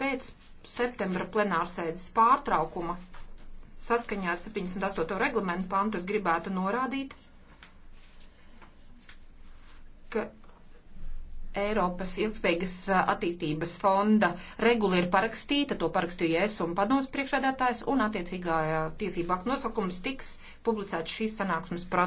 Pēc septembra plenārsēdes pārtraukuma saskaņā ar 78. reglamentu pantu es gribētu norādīt, ka Eiropas ilgspējīgas attīstības fonda regula ir parakstīta, to parakstīja es un padoms priekšādātājs, un attiecīgā tiesību aktu nosaukums tiks publicēts šīs sanāksmes protokolā.